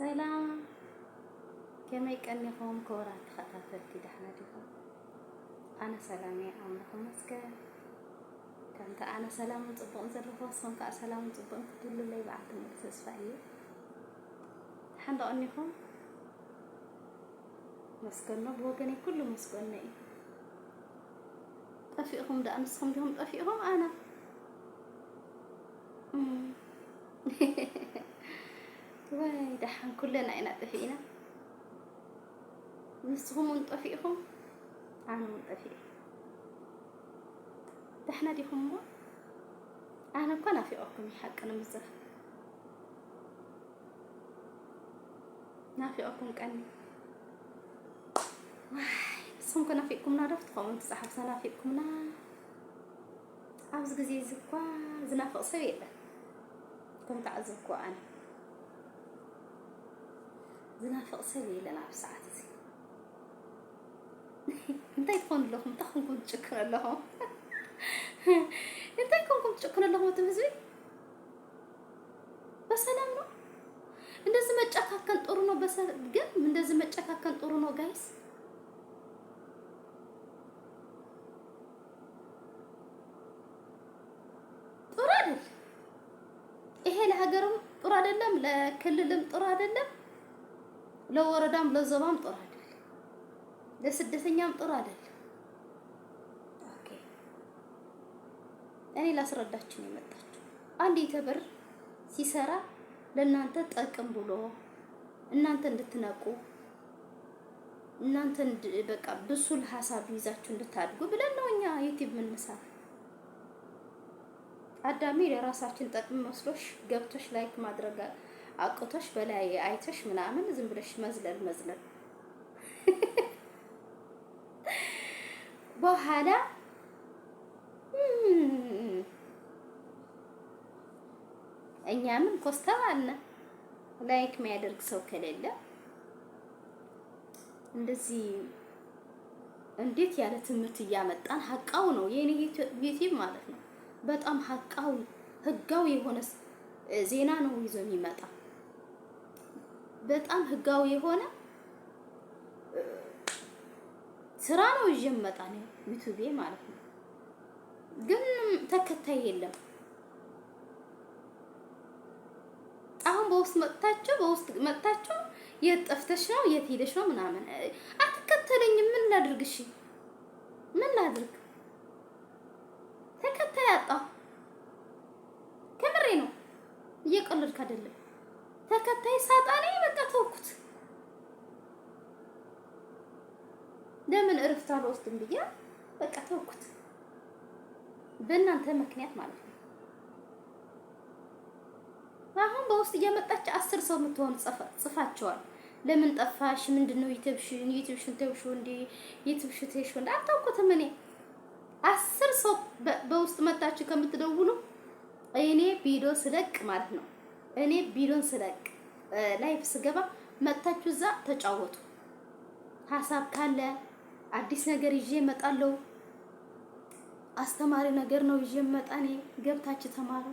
ሰላም ከመይ ቀኒኹም ክቡራት ተኸታተልቲ ዳሕና ዲኹም ኣነ ሰላም እየ ኣምላኹ መስገን ከምቲ ኣነ ሰላምን ፅቡቕን ዘለኹ ንስኹም ከዓ ሰላምን ፅቡቕን ክትብልለይ በዓል ትምህርቲ ተስፋ እዩ ሓንዳ ቀኒኹም መስገኖ ብወገነይ ኩሉ መስገኖ እዩ ጠፊእኹም ዳኣ ንስኹም ዲኹም ጠፊእኹም ኣነ ወይ ደሓን ኩለና ኢና ጠፊእና ንስኹም ውን ጠፊእኹም ኣነ ውን ጠፊእ ደሕና ዲኹም እሞ ኣነ እኳ ናፊቐኩም ይሓቂ ንምዝራሕ ናፊቐኩም ቀኒ ንስኹም ከ ናፊቕኩምና ዶ ትኸውን ትፀሓፍሳ ናፊቕኩምና ኣብዚ ግዜ እዚ እኳ ዝናፍቕ ሰብ የለን ከም ተዓዘብኩ ኣነ ዝናፍቕ ሰብ የለን ኣብ ሰዓት እዚ እንታይ ትኾኑ ኣለኹም እንታይ ኮንኩም ትጭክር ኣለኹም እንታይ ኮንኩም ትጭክር ኣለኹም እቲ ህዝቢ በሰላም ነው እንደዚ መጨካከን ጥሩ ነው ግን እንደዚ መጨካከን ጥሩ ነው ጋይስ ጥሩ አይደል ይሄ ለሀገርም ጥሩ አይደለም ለክልልም ጥሩ አይደለም ለወረዳም ለዘባም ጥሩ አይደለም፣ ለስደተኛም ጥሩ አይደለም። እኔ ላስረዳችሁ ነው የመጣችሁ። አንድ የተብር ሲሰራ ለእናንተ ጠቅም ብሎ እናንተ እንድትነቁ እናንተ በቃ ብሱል ሀሳብ ይዛችሁ እንድታድጉ ብለን ነው እኛ ዩቲዩብ የምንሰራ። አዳሚ ለራሳችን ጠቅም መስሎሽ ገብቶሽ ላይክ ማድረግ አውቅቶሽ በላይ አይተሽ ምናምን ዝም ብለሽ መዝለል መዝለል በኋላ እኛ ምን አለ ላይክ የሚያደርግ ሰው ከሌለ እንደዚህ እንዴት ያለ ትምህርት እያመጣን ሀቃው ነው የኔ ዩቲዩብ ማለት ነው። በጣም ሀቃዊ ህጋዊ የሆነ ዜና ነው ይዞ የሚመጣ በጣም ህጋዊ የሆነ ስራ ነው ይዤ እመጣ ነው ማለት ነው። ግን ተከታይ የለም። አሁን በውስጥ መጥታችሁ በውስጥ መጥታችሁ የት ጠፍተሽ ነው የት ሄደሽ ነው ምናምን አትከተለኝም። ምን ላድርግ? እሺ ምን ላድርግ? ተከታይ አጣሁ። ከምሬ ነው፣ እየቀለድክ አይደለም። ተከታይ ሳጣኔ ለምን እረፍት አልወስድም ብዬ በቃ ተውኩት። በእናንተ ምክንያት ማለት ነው። አሁን በውስጥ እያመጣች አስር ሰው የምትሆኑ ጽፋቸዋል። ለምን ጠፋሽ? ምንድነው ዩቲዩብሽን ዩቲዩብሽን ተውሽ እንዴ? ዩቲዩብሽን ተውሽ እንዴ? አታውቁትም። እኔ አስር ሰው በውስጥ መታችሁ ከምትደውሉ እኔ ቪዲዮ ስለቅ ማለት ነው እኔ ቪዲዮን ስለቅ ላይፍ ስገባ መታችሁ እዛ ተጫወቱ ሀሳብ ካለ አዲስ ነገር ይዤ እመጣለሁ። አስተማሪ ነገር ነው ይዤ እመጣኔ ገብታች ተማሩ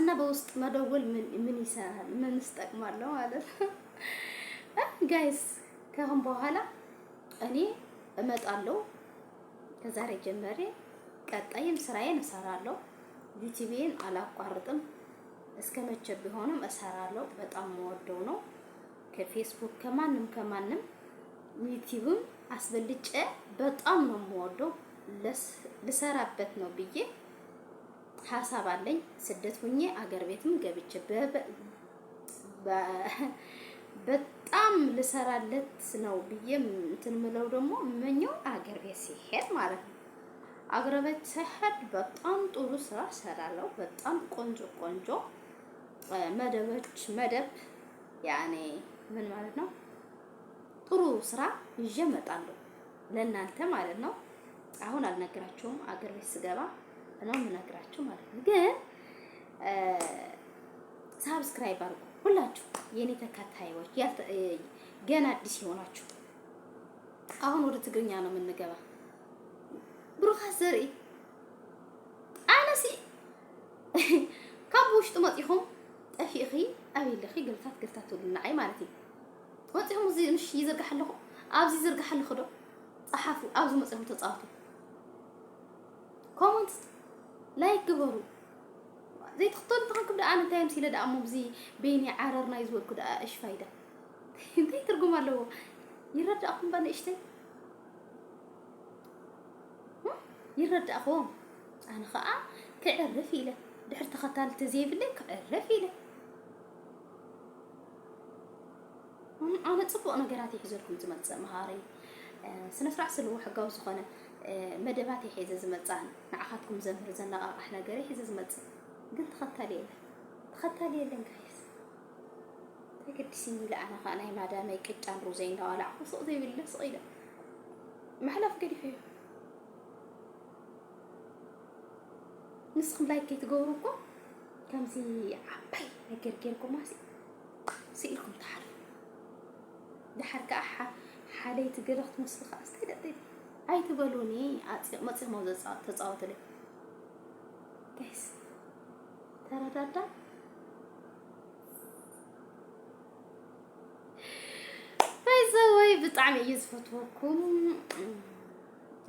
እና በውስጥ መደወል ምን ምን ይሰራል? ምን ይጠቅማለሁ ማለት ጋይስ። ከአሁን በኋላ እኔ እመጣለሁ። ከዛሬ ጀመሬ ቀጣይም ስራዬን እሰራለሁ። ዩቲዩብን አላቋርጥም። እስከ መቼ ቢሆንም እሰራለሁ። በጣም መወደው ነው። ከፌስቡክ ከማንም ከማንም ዩቲዩብም አስበልጨ በጣም ነው የምወደው። ልሰራበት ነው ብዬ ሀሳብ አለኝ። ስደት ሁኜ አገር ቤትም ገብቼ በጣም ልሰራለት ነው ብዬ እንትን ምለው ደግሞ እመኘው አገር ቤት ሲሄድ ማለት ነው። አገር ቤት ሲሄድ በጣም ጥሩ ስራ ሰራለው። በጣም ቆንጆ ቆንጆ መደቦች መደብ ያኔ ምን ማለት ነው ጥሩ ስራ ይዤ እመጣለሁ ለእናንተ ማለት ነው። አሁን አልነግራችሁም፣ አገር ቤት ስገባ ነው የምነግራቸው ማለት ነው። ግን ሳብስክራይብ አድርጉ ሁላችሁ የእኔ ተከታዮች፣ ገና አዲስ የሆናችሁ አሁን ወደ ትግርኛ ነው የምንገባ። ብሩኻት ዘርኢ ኣነሲ ካብ ውሽጡ መፂኹም ጠፊእኺ ኣብለኺ ገልታት ገልታት ትብሉና ይ ማለት እዩ መፂኦም እዚ ምሽ ይዝርጋሕ ኣለኹ ኣብዚ ዝርጋሕ ኣለኹ ዶ ፀሓፉ ኣብዚ መፅኦም ተፃወቱ ኮመንት ላይክ ግበሩ ዘይትኽተሉ ተኸንክብ ደ ኣነ እንታይ ምሲለ ዳ እሞ ብዚ ቤኒ ዓረርናይ ዝወልኩ ዳ እሽ ፋይዳ እንታይ ትርጉም ኣለዎ ይረዳእኹም ባ ንእሽተይ ይረዳእኹም ኣነ ከዓ ክዕርፍ ኢለ ድሕሪ ተኸታልተ ዘይብለ ክዕርፍ ኢለ ኣነ ፅቡቕ ነገራት እየ ዝመፅእ መሃሪ ስነ ስርዓት ሕጋዊ ዝኾነ መደባት ሒዘ ዝመፃን ንዓኻትኩም ዘምህር ዘነቓቕሕ ነገር ሒዘ ዝመፅእ ግን ተኸታሊ የለን ተኸታሊ የለን ጋይስ ተገዲስኒ ለኣነ ከዓ ናይ ማዳመይ ቅጫን ሩዘይ እንዳዋላዕኹ ስቕ ዘይብለ ስቕ ኢለ ማሕላፍ ገዲፍ እዩ ንስኹም ላይ ከይትገብሩ እኮ ከምዚ ዓባይ ነገር ጌርኩማሲ ስኢልኩም ተሓልፉ ድሓር ከዓ ሓደይቲ ገለ ክትመስል ከዓ ስተይደጥ ኣይትበሉኒ መፂኹም ኣብ ጋይስ ተረዳዳ ወይ ብጣዕሚ እዩ ዝፈትወኩም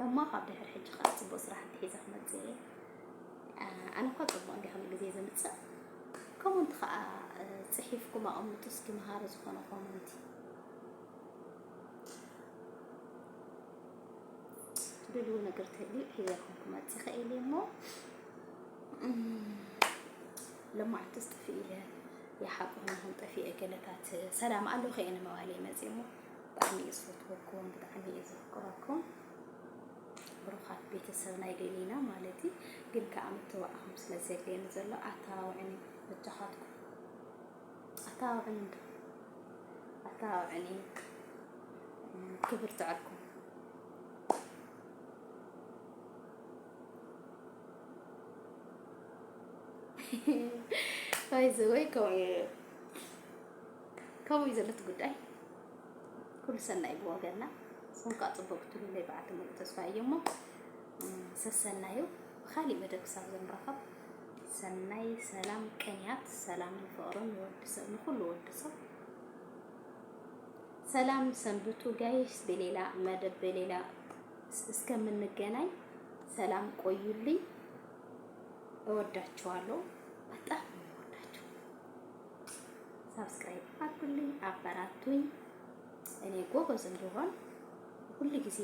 እሞ ካብ ድሕሪ ሕጂ ከዓ ፅቡቅ ስራሕ ሒዘ ክመፅእ ኣነ እኳ ፅቡቅ እንዲ ክል ግዜ ዝምፅእ ከምኡንቲ ከዓ ፅሒፍኩም ኣቐምጡ እስኪ መሃሪ ዝኾነ ኮመንቲ ብሉ ነገር ተሊ ሒዛኩም ክመፅእ ኽእል እሞ ልማዓት ስጥፊ ኢለ ይሓቁን ኹም ጠፊአ ገለታት ሰላም ኣሎ ኸይነ መባለ መፅእ እሞ ብጣዕሚ እዩ ዝፈትወኩም ብጣዕሚ እዩ ዝፍቅረኩም ብሩኻት ቤተሰብ ናይ ገሊና ማለት እዩ ግን ከዓ ምትዋእኹም ስለ ዘድልየኒ ዘሎ ኣተባብዕን እጃኻትኩም ኣተባብዕን ኣተባብዕን ክብር ትዕርኩም ወይ ከመይ ዘሎ ጉዳይ ኩሉ ሰናይ ብወገና ንካ ፅቡቅ ትሉለይ በዓልቲ ሙሉእ ተስፋ እዩ ሰሰናዩ ብካሊእ ወደ ክሳብ ሰናይ ሰላም ቀንያት ሰላምን ፍቅርን ንወዲሰብ ንኩሉ ወዲሰብ ሰላም ሰንብቱ ጋይስ። በሌላ መደብ በሌላ እስከምንገናኝ ሰላም ቆዩልኝ። እወዳችኋለሁ። በጣም ወዳችሁ ሳብስክራይብ አድርጉልኝ፣ አበራቱኝ። እኔ ጎበዝ እንደሆን ሁል ጊዜ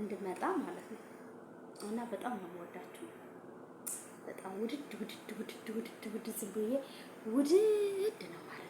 እንድመጣ ማለት ነው እና በጣም ነው የምወዳችሁ። በጣም ውድድ ውድድ ውድድ ውድድ ውድድ ዝም ብዬ ውድድ ነው ማለት